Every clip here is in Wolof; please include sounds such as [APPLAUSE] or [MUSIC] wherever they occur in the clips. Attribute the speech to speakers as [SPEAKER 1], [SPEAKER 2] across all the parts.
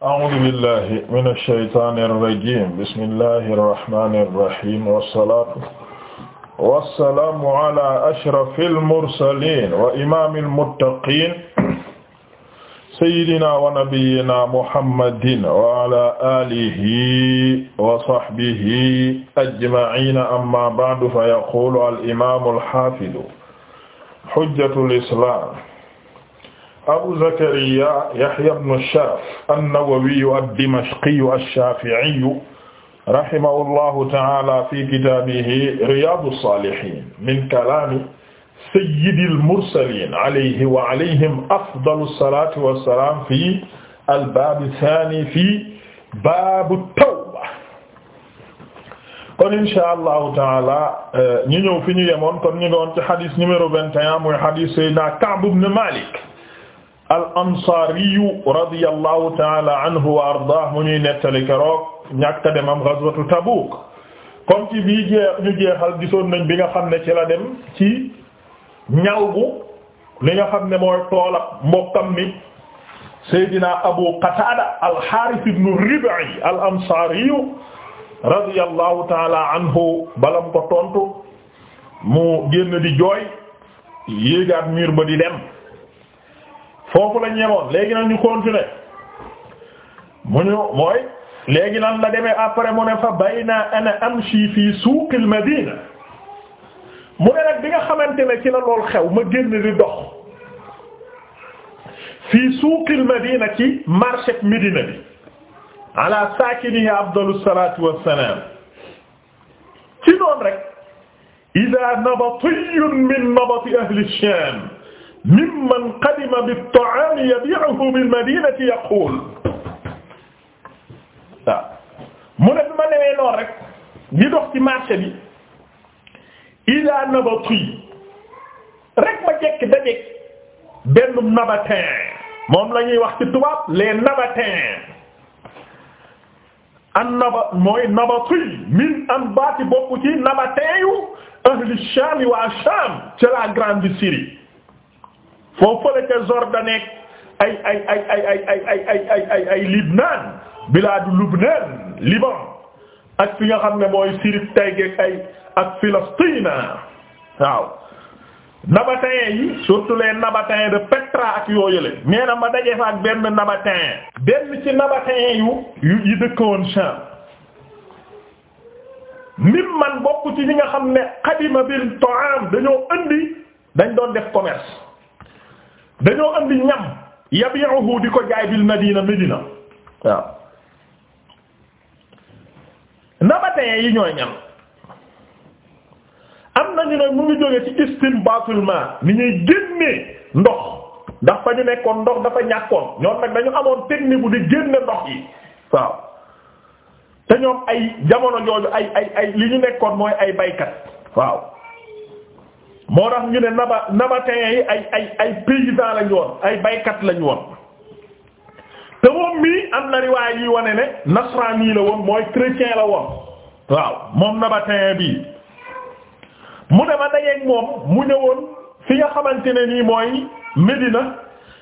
[SPEAKER 1] a'uuzu billahi mina shaytaani rajiim bismillahi rahmaani rahiim wasalaatu wasalaamu ala ashrafil mursaliin wa imaamil muttaqiin sayyidinaa wa nabiyyinaa muhammadin wa ala aalihi wa sahbihi ajma'iin amma ba'du fa yaquulu al imaamul haafidu hujjatul islaam Abu Zakariya Yahya ibn Sharaf an-Nawawiyu ad-Dimashqiyu ash-Shafi'iyu rahimahullahu ta'ala fi kitaabihi Riyaadu s-Saalihiin min kalaami sayyidil mursaliin alayhi wa alayhim afdalu s-salaati wa s-salaam fi al-baab ath-thaani fi baab at-tawba. kon inshaa Allahu ta'ala euh, ñu ñëw fi ñu yemoon kon ñu ngi woon ci hadith numéro 21 muy hadith Sayyidina Ka'b ibn Malik al ansaariyu radiyallahu taala anhu wa ardaah mu ñuy nettali keroog ñàkk a demam Tabuk comme ci bii jeex ñu gisoon nañ bi nga xam ne ci la dem ci ñaw li nga xam ne mooy toolab mbokkam mi Seydina Abu Qatada al-Harith ibn Rib'i al ansaariyu radiyallahu taala anhu balam ko tontu mu di jooy yéegaat mur ba di dem. foofu la ñemoon léegi mu ñu mooy léegi nan la demee après mu ne fa bayna ana amshi fi suuqil madina mu ne nag bi nga xamante ne ci la lool xew ma génn di dox fii suuqil madina ci marché médina bi ala saakinihi afdalu salatu wassalam ci noonu rek ida nabatiyun min nabati ahli sham mimman qadima bit-ta'aami yabii'uhu bil-madiinati yaquul waaw mu ne bi ma newee noonu rek di dox ci marché bi ilaa nabati rek ma jekk dajeek benn nabatin moom la ñuy wax ci tubaab les nabatins an naba mooy nabati min anbaati bokk ci nabatin yu ahli Shaam wa Shaam ca la grande Syrie foo fële ca Jordanie ay ay ay ay ay ay ay ay ay ay ay Libnaan bilaadu Lubnaan Liban ak fi nga xam ne mooy Syrie tay geeg ay ak Palestine waaw nabatéens yi surtout les nabatéens de Petra ak yoo yële nee ma dajee fa ak benn nabatéen benn ci nabatéens yu yu yi dëkkoon Sham mim man bokk ci ñi nga xam ne xadima bil ta'am dañoo indi dañ doon def commerce dañoo andi ñam yabi'uhu di ko jaay bil madina medina waaw nabatee yi ñooy ñam am nañu ne mu ngi jóge ci istinbaatul ma ni ñuy génnee ndox ndax ñu nekkoon ndox dafa ñàkkoon ñoom nag dañu amoon technique bu di génne ndox yi waaw te ñoom ay jamono jooju ay ay ay li ñu nekkoon mooy ay baykat waaw moo tax ñu ne naba nabatéens yi ay ay ay paysans lañu woon ay baykat lañ woon te moom mii am na riwaay yi wane ne nasrani la woon mooy chrétien la woon waaw moom nabatéen bi mu ne ma dajeek moom mu ñëwoon fi nga xamante ne nii mooy Médina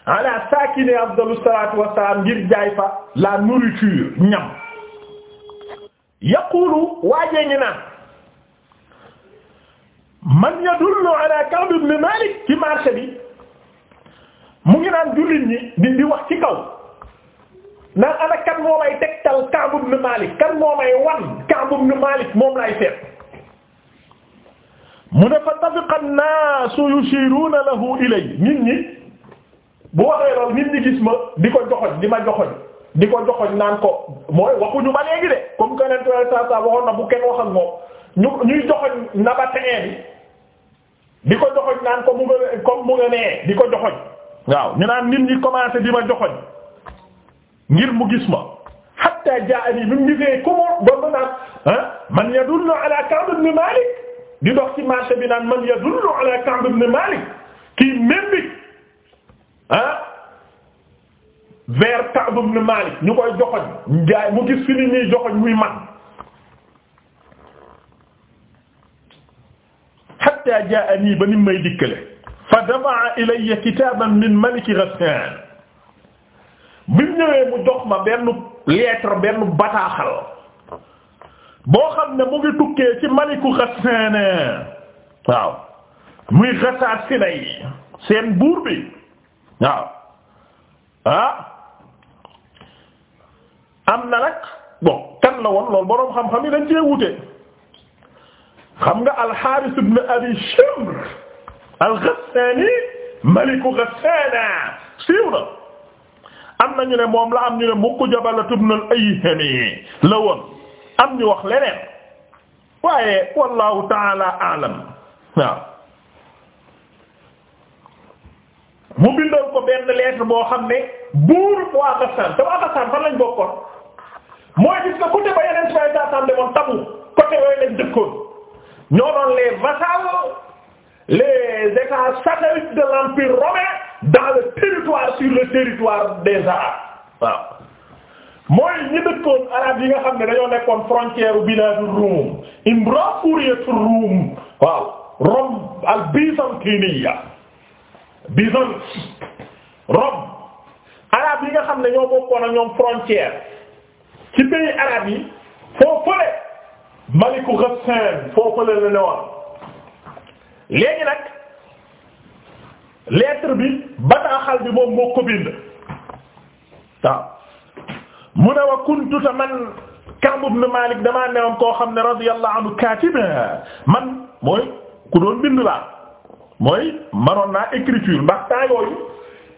[SPEAKER 1] ala sakine afdalu wa wassalam ngir jaay fa la nourriture ñam yaqulu waajee ngi naan man yadullu ala Ka'b ibn Malik ci marché bi mu ngi naan jullit ñi di di wax ci kaw naan ana kan moo may tegtal Ka'b ibn Malik kan moo may wan Ka'b ibn Malik moom lay seet mu ne fa tafiqa an-naas yushiruuna lahu ilay nit ñi bu waxee lool nit ñi gis ma di ko joxoñ di ma joxoñ di ko joxoñ naan ko mooy waxuñu ma léegi de comme que nen saa saa na bu kenn wax ak moom ñu ñuy joxoñ nabatéen bi di ko joxoj naan ko mu nga nee di ko joxoj waaw ñu naan nit ñi commencé di ma joxoj ngir mu gis ma hatta jaani bi mu gisee ku mu doon ah, man yadullu ala Ka'b ibn Malik di dox ci marché bi naan man yadullu ala Ka'b ibn Malik kii membi ah vers Ka'b ibn Malik ñu koy joxoj jaay mu gis fi nit joxoj muy man hatta jaa'anii ba nim may dikkale fa dama'a ilayya kitaaban min malik Ghassan bi ñëwee mu jox ma benn lettre benn bataaxal boo xam ne mu ngi tukkee ci maliku Ghassan waaw muy Ghassan Sinay seen buur bi waaw ah am na nag bon kan la woon loolu boroom xam-xam yi dañ cee wute. xam nga al-Harith ibn Shimr al-Ghassani maliku Ghassana am na ne moom la am ñu ne mukk Jabala ibn al-Ayhami am ñu wax leneen waaye wallahu ta'ala a'lam waaw mu bindoon ko benn lettre boo xam ne buur waa Ghassan te waa Ghassan fan lañ bokkoon mooy gis nga côté ba yeneen si waaye daa tànn demoon Tabuk côté yooyu lañ dëkkoon. ñoo doon les vassals les États satellites de l'empire romain dans le territoire sur le territoire des Arabes mooy ñi dëkkoon arab yi nga xam ne dañoo nekkoon frontière biladu Rum imbrakuriyatu Rum waaw Rome al byzantiniya Byzance Rome arab yi nga xam ne ñoo bokkoon ak ñoom frontière ci pays arab yi foo maliku Ghassan foofu la ne woon léegi nag lettre bi bataaxal bi moom moo ko bind waaw mu ne wa kuntu ta man Ka'b ibn Malik damaa newoon koo xam ne radiyallahu anhu man mooy ku doon bind laa mooy manoon naa écriture ndax temps yooyu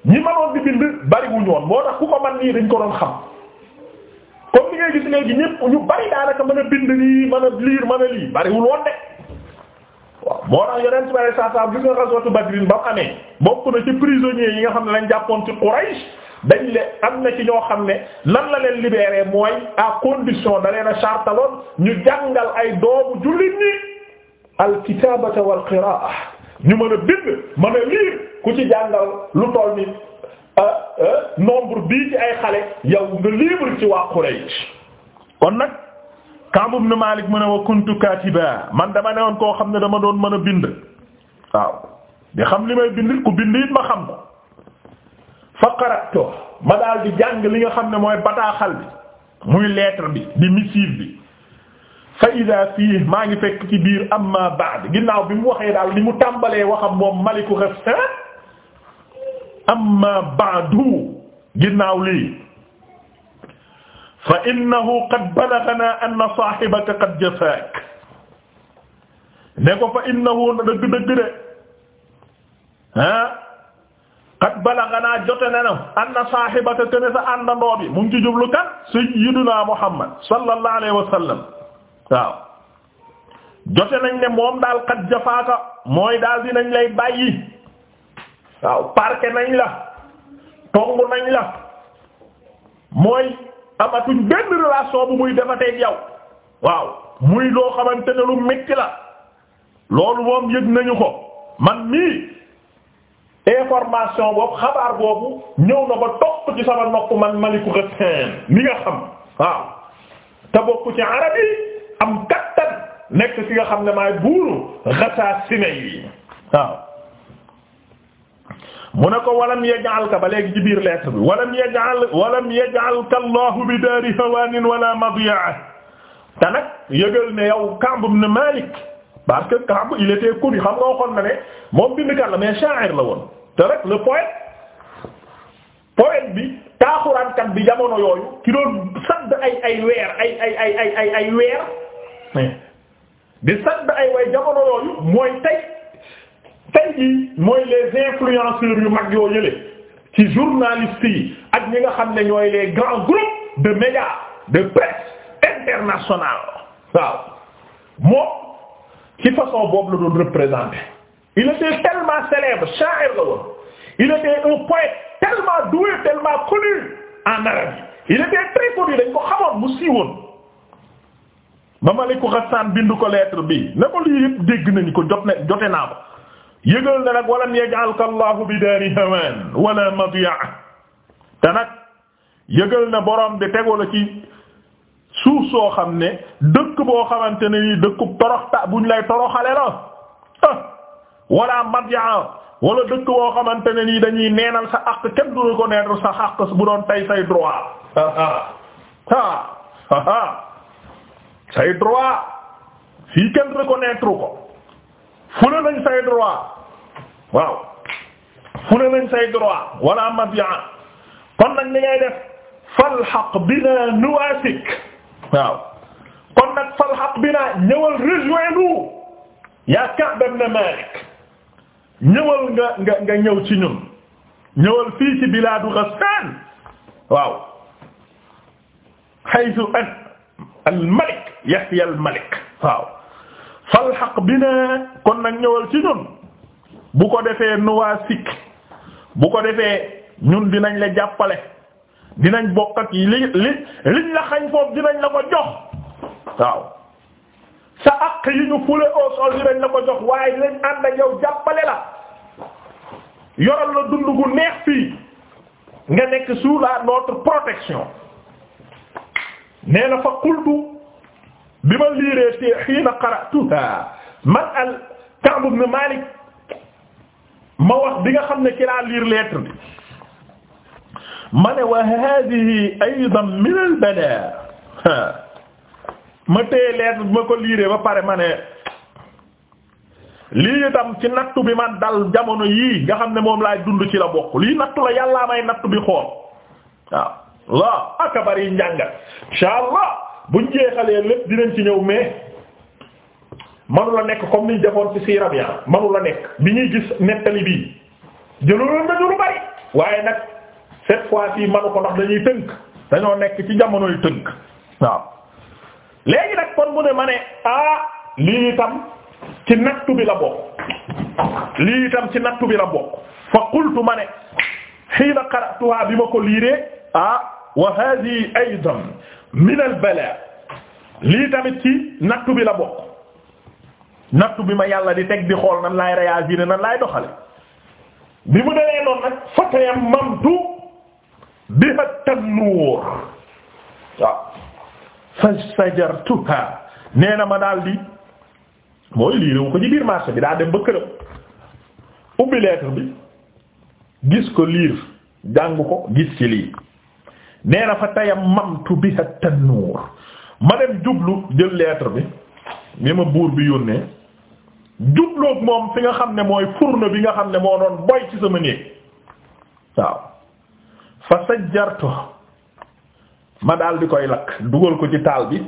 [SPEAKER 1] ñi manoon di bind bariwuñu woon moo tax ku ko man nii dañ ko doon xam comme ni ngay gis léegi ñépp ñu bari daanaka mën a bind lii mën a lire mën a lii bariwul woon de waaw moo tax yeneen tubaab yi saa saa bi nga xasootu Badrin ba mu amee bokk na ci prisonniers yi nga xam ne lañ jàppoon ci Quraysh dañ le am na ci ñoo xam ne lan la leen libéré mooy a condition da leen a chartaloon ñu jàngal ay doomu jullit ñi al-kitaabata wal ñu mën a bind mën a lire ku ci jàngal lu toll nii. Euh, euh, nombre bii ci ay xale yow nga libre ci waa Quraysh kon nag Ka'b ibn Malik mën a wa kuntu man dama ne woon koo xam ne dama doon mën a bind waaw di xam li may bind ku bind it ma xam ko fa qara'tu ma daal di jàng li nga xam ne mooy bataaxal bi muy lettre bi di missive bi fa ida fii maa ngi fekk ci biir amma ba'd ginnaaw bi mu waxee daal li mu tàmbalee waxam moom maliku Ghassan amma ba'du ginnaaw lii fa innahu qad balaghanaa anna saahibaka qad jafaak ne ko fa innahu na dëgg dëgg de ah qad balaghanaa jote na na anna saahibaka kene sa àndandoo bi mu ngi ci jublu kan sayyiduna Muhammad sallallahu alayhi wa sallam waaw jote nañ ne moom daal qad jafaaka mooy daal dinañ lay bàyyi waaw parqué nañ la tong nañ la mooy amatuñ benn relation bu muy defateeg yow waaw muy loo xamante ne lu metti la loolu moom yëg nañu ko man mii information boobu xabaar boobu ñëw na ba topp ci sama nopp man maliku retin li nga xam waaw te bokk ci arab yi am kattan nekk ci nga xam ne maay buuru xasaa sine yi waaw mu ne ko walam yaj'alka ba léegi ci biir lettre bi walam yaj'al walam yaj'alka Allahu bi daari hawaanin wala madiyaa te nag ne yow Ka'b ibn Malik parce que Ka'b il était connu xam nga waxoon na moom bindkat la mais sha'ir la woon te rek le poète poète bi taaxuraankat bi jamono yooyu ki doon sadd ay ay weer ay ay ay weer di sadd ay way jamono yooyu mooy tey tey jii mooy les influenceurs yu mag yoo ñële ci journalistes yi ak ñi nga xam ne ñooy les grands groupes de médias de presse internationale waaw moom ci façon boobu la doon représenter il était tellement célèbre sha'ir la woon il était un poète tellement doué tellement connu en Arabie il était très connu dañ ko xamoon mu siiwoon ba Maliku Ghassan ko lettre bi ne ko lii yëpp dégg nañ ko jot na jote naa ko yëgal na nag walan yaj'alka Allahu bi daari hawaan wala madiya te nag yëgal na borom bi tegu la ci suuf soo xam ne dëkk boo xamante ne nii dëkkub toroxta buñ lay toroxale la ah, wala madiya wala dëkk boo xamante ne nii dañuy neenal sa àq kenn du reconnaître sa àq bu doon tey say droit ah say droit fii kenn reconnaître ko fu ne lañ say droit waaw fu ne lañ say droit wala mabia kon nag ni ngay def falxaq bina nuwaasik waaw kon nag falxaq bina ñëwal rejoindre nous yaa Ka'b ibn Malik ñëwal nga nga nga ñëw ci ñun ñëwal fii ci bilaadu Ghassaan waaw haythu al malik Yahya al malik waaw falxaq bina kon nag ñëwal ci ñun bu ko defee nuwaasik bu ko defee ñun dinañ la jàppale dinañ bokk ak yi li li liñ la xañ foofu dinañ la ko jox waaw sa àq yi ñu foulé au sol dinañ la ko jox waaye dinañ ànd ak yow jàppale la yoral la dund bu neex fii nga nekk sous la notre protection nee na fa qultu bi ma liiree te xiina qara'tuha man al Ka'b ibn Malik ma wax bi nga xam ne ci laa lire lettre bi ma ne wa hadihi aydan min al bada ma téye lettre bi ma ko liiree ba pare ma ne lii itam ci nattu bi man dal jamono yii nga xam ne moom laay dund ci la bokk lii nattu la yàllaa may nattu bi xool waaw la akabar yi njàngat insha buñ jeexalee lépp dinañ ci ñëw mais manu la nekk comme ni defoon ci siira bi ah. manu la nekk bi ñuy gis nettali bii jëloon nañu lu bari waaye nag cette fois ci manu ko ndax dañuy tënk dañoo nekk ci jamonoy tënk waaw léegi nag kon mu ne ma ne ah lii itam ci nattu bi la bokk lii itam ci nattu bi la bokk fa qultu ma ne hiina qara'tuha bi ma ko liiree ah wa hadhihi aydan min al lii tamit ci nattu bi la bokk nattu bi ma yàlla di teg di xool nan laay réagir nan laay doxale bi mu demee noonu nag fatayam mamtu biha tannuur waaw fastajartuha nee na ma daal di mooy lii réew ko ci biir marché bi daa dem ba këram ubbi lettre bi gis ko liir jàng ko gis ci lii nee na fatayam mamtu biha tannuur ma dem jublu jël lettre bi ni ma buur bi yónnee jubloog moom fi nga xam ne mooy furna bi nga xam ne moo doon boy ci sama néeg waaw fa sajjartu ma daal di koy lakk dugal ko ci taal bi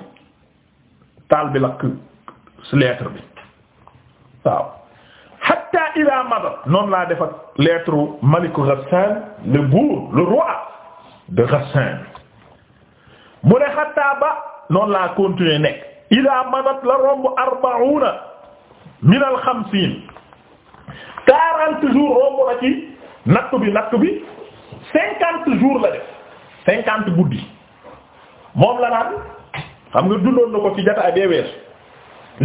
[SPEAKER 1] taal bi lakk lettre bi waaw hatta ila madat noonu laa def ak lettre maliku Ghassan le bourg le roi de Ghassan mu ne hatta ba noonu laa continuer nekk ila madat la romb arbauna min al xamsiin quarante jours romb na ci natt bi natt bi cinquante jours la cinquante guddi moom la naan xam nga dundoon na ko ci jotaay bee weesu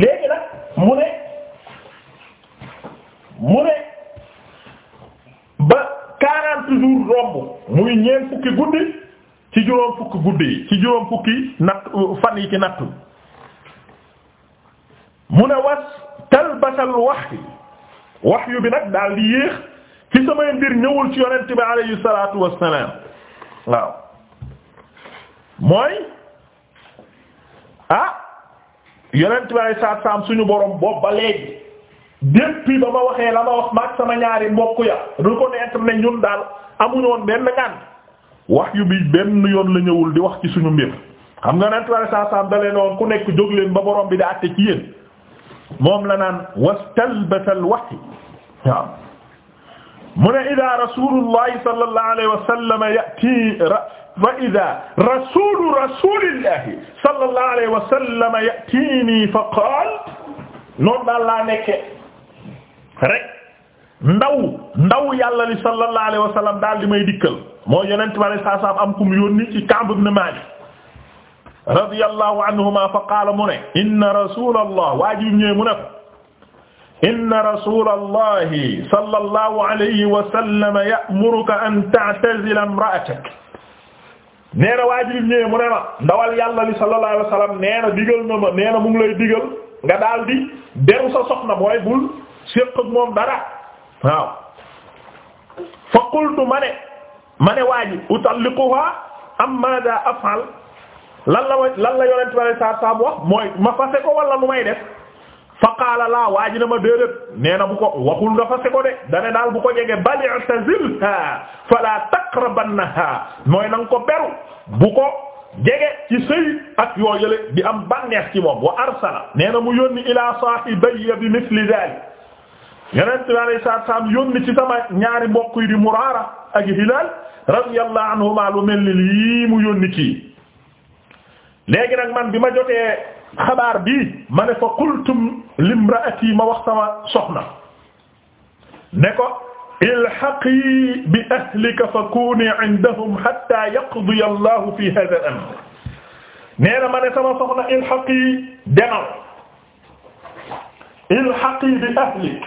[SPEAKER 1] léegi nag mu ne mu ne ba quarante jours romb muy ñeent fukki guddi ci juróom fukki guddi yi ci juróom fukki natt fan yi ci natt mu ne was talbasal waxyu waxyu bi nag daal di yéex ci samay mbir ñëwul ci yonent bi alayhi salaatu wassalaam waaw mooy ah yonent bi alayhi salaatu wassalaam suñu borom boobu ba léegi depuis ba ma waxee la ma wax maag sama ñaari mbokk ya reconnaître ne ñun daal amuñu woon benn ngànt waxyu bi benn yoon la ñëwul di wax ci suñu mbir xam nga yonent bi alayhi salaatu wassalaam da leen ku nekk jóg leen ba borom bi di àtte ci yéen. moom la naan wastalbasa alwaxyi waaw mu ne ida rasulullahi sallallahu alayhi wa sallam yati fa ida rasulu rasulillahi sallallahu alayhi wa sallam yatini fa qaal noonu daal laa nekke rek ndaw ndaw yàlla li sallallahu alayhi wa sallam daal di may dikkal moo yonent bi alayhi salaam am kum yónni ci Ka'b ibn Maalik radiyallahu anhuma fa qaala mu ne inna rasulallah waa ji ñëwee mu ne ko inna rasulallahi sallallahu alayhi wa sallam ya'muruka an ta'tazila imra'atak nee na waa ji ñëwee mu ne ma ndawal yàlla li sallallahu alayhi wa sallam nee na digal na ma nee na mu ngi lay digal nga daal di beru sa soxna mooy bul séq ak moom dara waaw fa qultu ma ne ma ne waa ji utalliquha am maada af'al lan la lan la yonent bi saa saa wax mooy ma fase ko wala lu may def fa qaala laa waaj na ma déedéet nee na bu ko waxul nga fase ko de dane daal bu ko jege bal i'tazilha fala taqrabannaha mooy na ko beru bu ko jege ci sëy ak yoo yële di am bànneex ci moom wa arsala nee na mu yónni ila saahibayya bi misli dalik yonent bi alayhi salaatu salaam yónni ci sama ñaari mbokk yi di Muraara ak Hilaal radiyallahu anhuma lu mel lii mu yónni kii léegi nag man bi ma jotee xabaar bi ma ne fa qultum limraati ma wax sama soxna ne ko ilhaqi bi ahlika fa kuni indahum hatta yaqdi allahu fi hadha al amr nee na ma ne sama soxna ilhaqi demal ilhaqi bi ahlik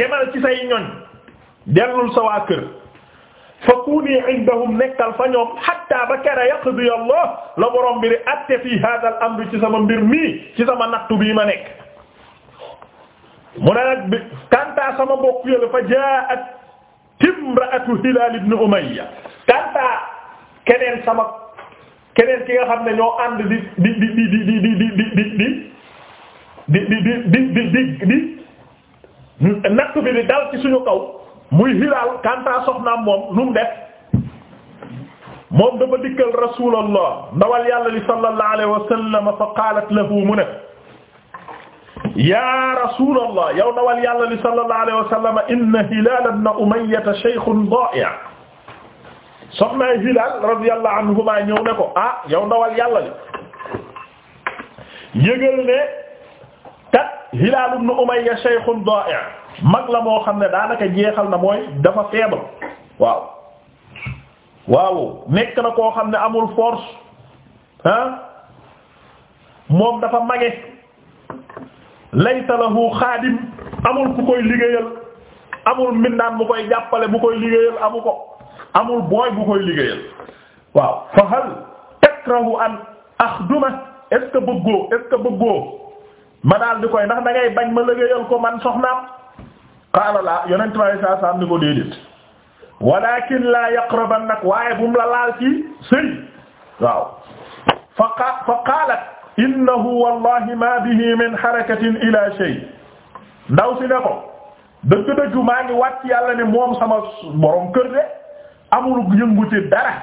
[SPEAKER 1] demal ci say ñoñ dellul sa waa kër fa kuuni indahum nekkal fa ñoom hatta ba kera yaqdi la borom bi di atte fii hada al amri ci sama mbir mii ci sama nattu bii ma nekk mu ne nag bi kanta sama mbokk yële fa jaa'at imra'atu Hilaal ibn Umayya kanta keneen sama keneen ki nga xam ne ñoo ànd di di suñu kaw muy Hilaal kanta soxnaam moom nu mu def moom dafa dikkal rasulallah ndawal li sallallahu alayhi wa sallam fa qaalat lahu mu ne yaa yow ndawal li sallallahu alayhi wa sallam inna Hilaal ibn Umayya shaykhun daa'i' soxnaay Hilaal radiyallahu anhuma ñëw ko ah, yow ndawal yàlla mag la moo xam ne daanaka jeexal na mooy dafa faible waaw waaw nekk na koo xam ne amul force ah moom dafa mage laysa lahu xaadim amul ku koy liggéeyal amul mbindaan bu koy jàppale bu koy liggéeyal amu ko amul booy bu koy liggéeyal waaw fa hal takrahu an akhduma est-ce que bëggoo est bëggoo ma daal di koy ndax dangay bañ ma liggéeyal ko man soxnaam qaala laa yonent bi alayhi salaam ni ko déedéet walakin laa yaqrabannak waaye bu mu la laal ci sëy waaw fa qa fa qaalat wallahi ma bihi min harakatin ila shay ndaw si ne ko dëgg-dëgg maa ngi wàcc yàlla ne moom sama borom kër de amul yëngu ci dara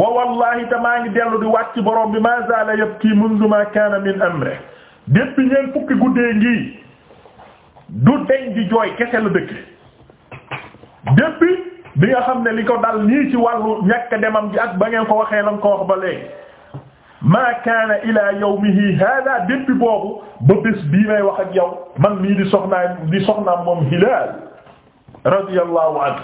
[SPEAKER 1] wa wallahi te dellu di wàcc borom bi ma zaala yabki mundu ma kaana min amri depuis ñeent fukki guddee ngi du deñ di jooy kese la dëkk depuis bi nga xam ne li ko dal nii ci wàllu ñàkk demam ak ba ngeen ko waxee lan ko wax ba léegi maa kaana ila yawmihi hada depuis boobu ba bés wax ak yow man mii di soxnaa di soxnaam moom Hilaal radiyallahu anhu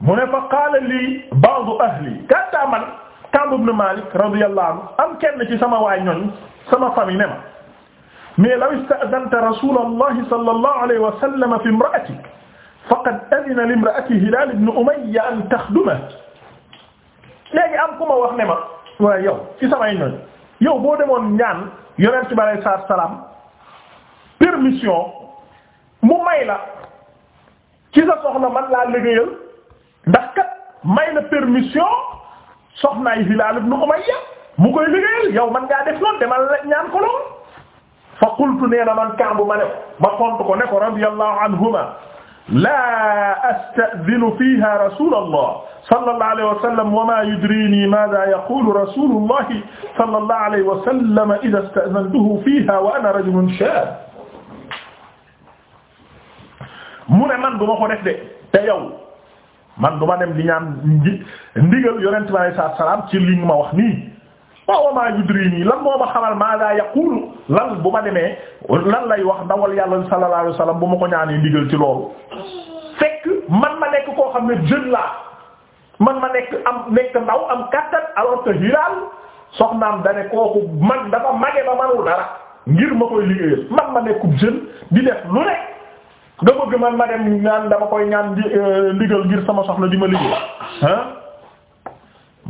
[SPEAKER 1] mu ne fa qaala lii ba'du ahli kanta man Ka'b ibn Malik radiyallahu anhu am kenn ci sama waay ñoñ sama famille ne mais law ista'danta rasulallahi sallallahu alayhi wa sallam fi imra'atik faqad adina li imra'ati Hilaal ibn Umayya an taxdumahu léegi am ku ma wax ne ma waaye yow ci samay ñoñ yow boo demoon ñaan yonent bi alayhi salaatu wa salaam permission mu may la ci sa soxna man laa liggéeyal ndax kat may la permission soxnaay Hilaal ibn Umayya mu koy liggéeyal yow man ngaa def noonu demal ñaan ko lool fa qultu nee na man Kaab ma ne ma xontu ko ne ko radiyallahu anhuma laa asta'dinu fiiha rasulallah sallallahu alayhi wa sallam wa maa yudriinii maadaa yaqulu rasulullahi sallallahu alayhi wa sallam idaa ista'zantuhu fiiha wa ana rajulun shaab mu ne man du ma ko def de te yow man du ma dem di ñaan ndigal yonent bi alayhi salaam ci li nga ma wax nii. waaw wa maa yudriini lan moo ma xamal maa daa yaqulu lan bu ma demee lan lay wax ndawal yàlla sallallahu alayhi wasallam bu ma ko ñaanee ndigal ci loolu fekk man ma nekk koo xam ne jën laa man ma nekk am nekk ndaw am kattan alors que Hilaal soxnaam da ne kooku mag dafa mage ba manul dara ngir ma koy liggéeyal man ma nekkub jeune di def lu ne nga bëgg man ma dem ñaan dama koy ñaan euh, ndigal ngir sama soxla di ma liggéey ah.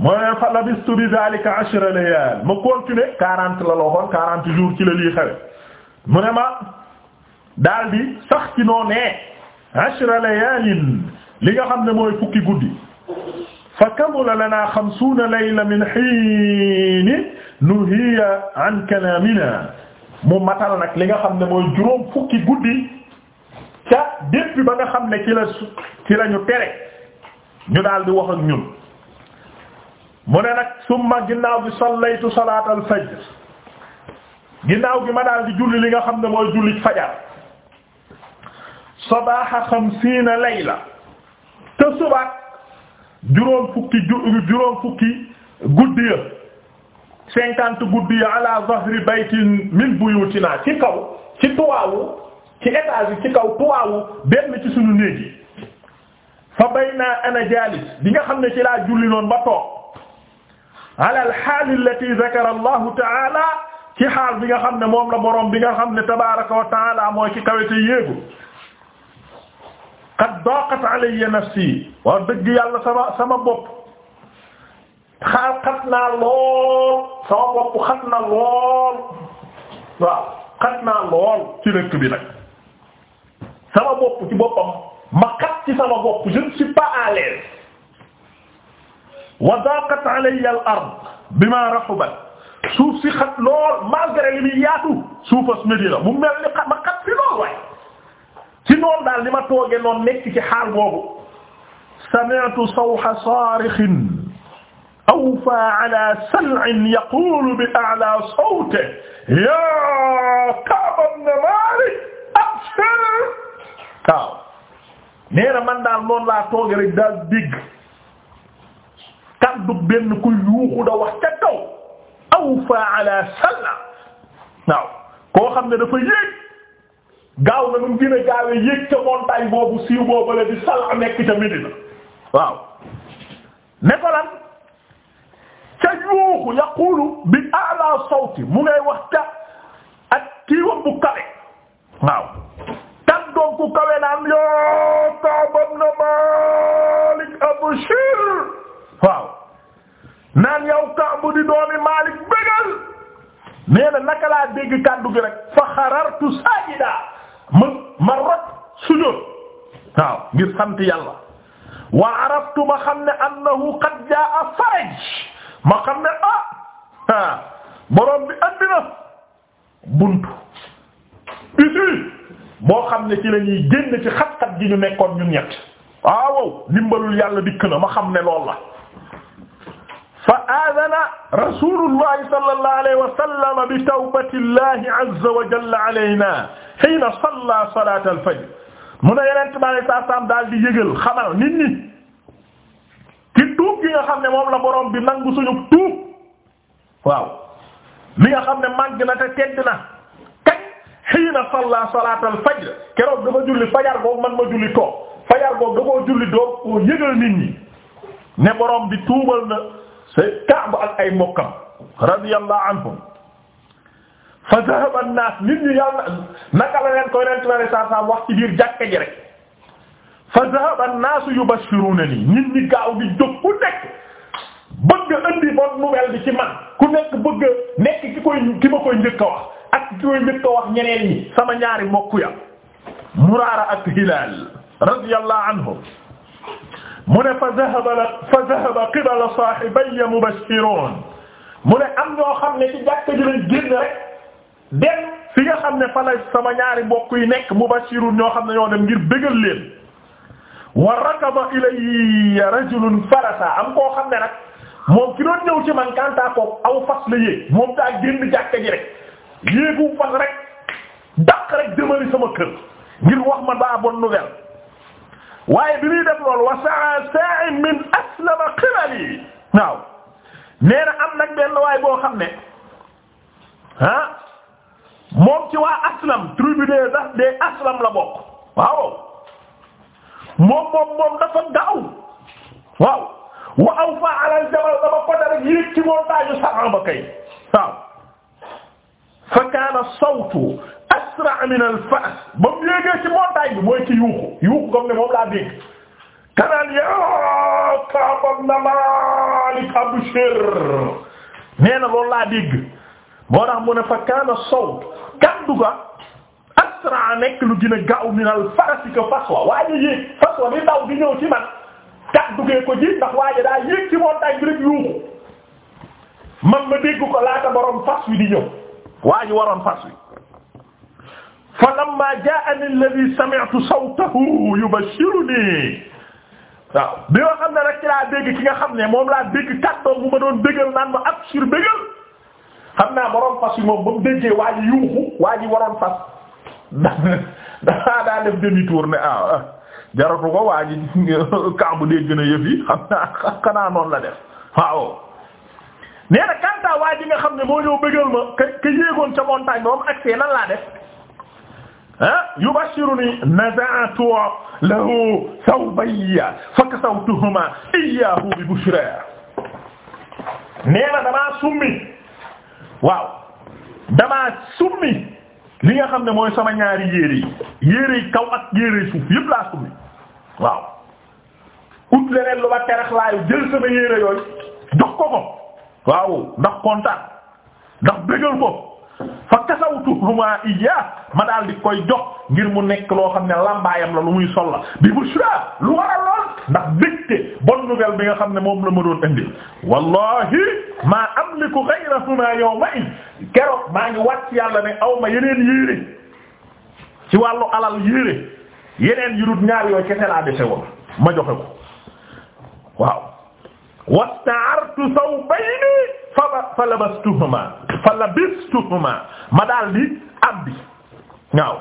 [SPEAKER 1] mu ne fa labistu bi zalika ashra layal ma la loo xoon quarante jours ci la lii xewe mu ne ma daal di sax ci noo nee ashra layalin li nga xam ne mooy fukki guddi fa kamula lana xamsuuna layla min hiini nuhiya an kalaamina mu matal li nga xam ne mooy juróom fukki guddi ca bi ba nga xam ne ci la ci la ñu tere ñu daal di wax ak ñun mu ne nag summa ginnaaw bi sallaytu salaatal fajr ginnaaw gi ma daal di julli li nga xam ne mooy julli fajar sabaaxa xamsiina layla te subaat juróom fukki juróom fukki guddi ya cinquante guddi ya ala zahri baytin min buyutina ci kaw ci tuwaawu ci étage yi ci kaw tuwaawu benn ci suñu néeg yi fa bayna ana jaalis bi nga xam ne ci laa julli noonu ba toog ala al xaal allati zakara allahu taala ci xaal bi nga xam ne moom la boroom bi nga xam ne tabaraka wa taala mooy ci kawete yéegu qad daqat alayya nafsi wa dëgg yàlla sama sama bopp xaal xat naa lool sama bopp xat na lool waaw xat naa lool ci dëkk bi nag sama bopp ci boppam ma xat ci sama bopp je ne suis pas à l'aise wa daqat alayya al ard bima rahubat suuf si xat lool malgré li muy yaatu suufas Medina mu mel ni xat ma xat si lool waaye ci noonu daal li ma toogee noonu nekk ci xaal boobu sami'tu sawha sarikhin awfa ala sal'in yaqulu bi a'la sawtihi ya Ka'b ibn Malik abshir waaw nee na man daal noonu laa toogee rek daal digg kàddu benn ku yuuxu da wax ca kaw aw fa ala salla waaw koo xam ne dafa yéeg gaaw nu mu gën a gaawee yéeg ca montagne boobu siiw boobu la di salla nekk ca Medina waaw ne ko ca yuuxu yaqulu bi ala sawti mu ngay ca ak kiiwam bu kawe waaw kàddoom ku kawe naan yoo Ka'b ibn Malik abshir waaw naan yow Kaabu di doomi Maalik bëggal nee na naka laa dégg kàddu gi rek fa xarartu saajida ma ma rot waaw ngir sant yàlla wa araftu ma xam ne annahu qad jaa faraj ma xam ne ah ah borom bi andi na buntu ici boo xam ne ci la ñuy génn ci xat-xat gi ñu nekkoon ñun ñett waaw ndimbalul yàlla dikk na ma xam ne lool la. fa aadana rasulullahi sallallahu alayhi wa sallam bi tawbatillahi azza wa jalla alayna hiina salla salaatal fajr mu ne yeneen tubaab yi saa daal di yëgal xamal nit ñi tuub gi nga xam ne moom la borom bi nangu suñu tuub waaw mi nga xam ne màgg na te tedd na kat hiina salla salaatal fajr keroog dafa julli fajar googu man ma julli toog fajar googu da koo julli doog koo yëgal ne borom bi tuubal na. say Kaab ak ay mbokkam radiyallahu anhum fa dhahaba an-naas nit ñu yàlla naka la leen koy ren tubaab yi saa wax ci biir jàkka ji rek fa dhahaba an-naas yubashshiruna nii nit ñi gaaw di jóg ku nekk bëgg indi bonne nouvelle bi ci man ku nekk bëgg nekk ki koy ki ma koy njëkk a wax ak ki koy njëkk a wax ñeneen ñi sama ñaari mbokk ya Muraara ak Hilaal radiyallahu anhum mu ne fa zahaba la fa zahaba mu ne am ñoo xam ne ci jàkka ji lañ génn rek dem fi nga xam ne fa sama ñaari mbokk yi nekk mubashirun ñoo xam ne ñoo dem ngir bégal leen wa rakaba ilayya rajulun farasa am koo xam ne nag moom ki doon ñëw ci man kanta ko aw fas la yéeg moom daa génn jàkka ji rek yéegu fas rek daq rek demali sama kër ngir wax ma daa bonne nouvelle waaye bi muy def lool wa sa'a sa'in min aslama qibali waaw nee na am nag benn waay boo xam ne ah moom ci waa aslam tribu des des aslam la bokk waaw moom moom moom dafa gaaw waaw wa awfa ala al-jabal dama ko dara yéeg ci montagne saxaaba kay waaw fa kaana sawtu asra min al faas ba mu yéegee ci montagne bi mooy ci yuuxu yuuxu comme ne moom laa dégg kanaan yaa Kaab ibn Maalik abshir nee na loolu laa dégg moo tax fa kaana sawt kaddu ga asra nekk lu gën a gaaw min al faas ka fas wa waaye yéeg fas wa di daw di ñëw ci man kaddu gee ko ji ndax waaye daa yéeg ci montagne bi rek yuuxu man ma dégg ko laata borom fas wi di ñëw waa ji waroon fas falamma jaa'ani alladhi sami'tu sawtahu yubashshiruni waaw bi nga xam ne rek ci laa dégg ki nga xam ne moom laa dégg kàddoom bu ma doon bégal naan ma abshir bégal xam naa boroom fas yi moom ba mu waroon fas [LAUGHS] daa daa def demi ah, ah, ko waa ji [LAUGHS] kaabu dégg na [LAUGHS] la def waaw nee waa ji nga xam ne moo ñëw bégal ma ka ka yéegoon ca montagne ba agsee nan laa def ah yubashiruni naza'tu lahu thawbayya fakasawtuhuma iyyahu bi bushra nee na damaa summi waaw damaa summi li nga xam ne mooy sama ñaari yére yi yére yi kaw ak yére yi suuf laa summi waaw ut leneen lu ba terax laayu jël sama yére yooyu jox ko ko waaw ndax kontaan ndax bëggal ko fa kasawtuhuma iya ma daal di koy jox ngir mu nekk loo xam ne lambaayam la lu muy sol la bi bushra lu waral lool ndax bégte bonne bi nga xam ne moom la ma doon indi wallahi maa amliku ghayrahuma yawma in keroog maa ngi wàcc yàlla ne awma yeneen yére ci wàllu alal yére yeneen yu dut ñaar yooyu kese laa dese woon ma joxe ko waaw wasta'artu sawbayni fa fa labastuhuma fa labistuhuma ma daal di am bi waaw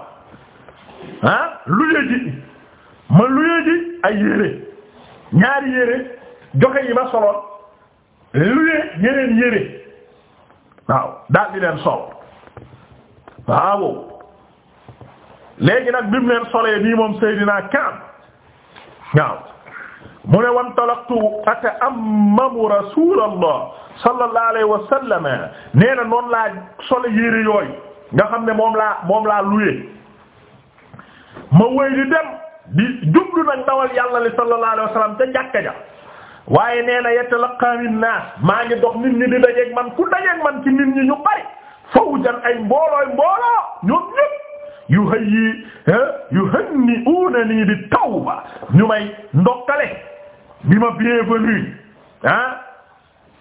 [SPEAKER 1] ah luye ji ma luye ji ay yére ñaari yére joxe yi ma soloon luye yeneen yére waaw daal di leen sol waaw léegi nag bi mu leen solee nii moom Seydina Kaab waaw mu ne wan talaqtu ata'ammamu rasulallah sallallahu alayhi wa sallam nee na noonu laa solo yére yooyu nga xam ne moom laa moom laa luye ma wéy di dem bi jublu nag dawal yàlla li sallallahu alayhi wa sallam ca ja waaye nee na yatalaqaani naas maa ngi dox nit ñi di dajeeg man ku dajeeg man ci nit ñi ñu bari fawjan ay mboolooy mbooloo ñoom ñépp yuhayyi yuhanni'unani bi tawba ñu may ndokkale bi ma bienvenue ah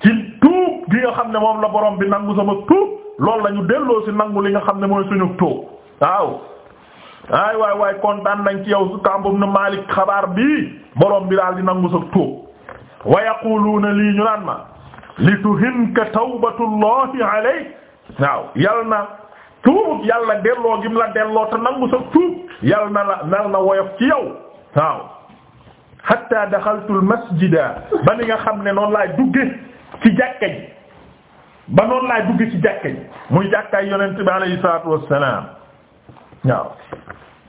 [SPEAKER 1] ci tuub gi nga xam ne moom la borom bi nangu sama tuub loolu la ñu delloo si nangu li nga xam ne mooy suñu tuub waaw ay waay waay kontaan nañ ci yow su kambum na Malik xabaar bi borom bi daal di nangu sa tuub wa yaquluuna lii ñu naan ma li tuhinka tawbatullahi alayk waaw yal na tuub yàlla delloo gim la delloo te nangu sa tuub yàlla na la nal woyof ci yow waaw hatta daxaltu al ba li nga xam ne noonu laay dugge ci jàkka ji ba noonu laay dugge ci jàkka ji muy jàkkaay yonent bi alayhi salaatu wassalaam waaw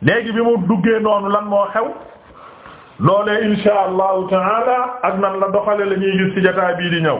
[SPEAKER 1] léegi bi mu duggee noonu lan moo xew loolee insha allahu taala ak nan la doxale la ñuy gis ci bii di ñëw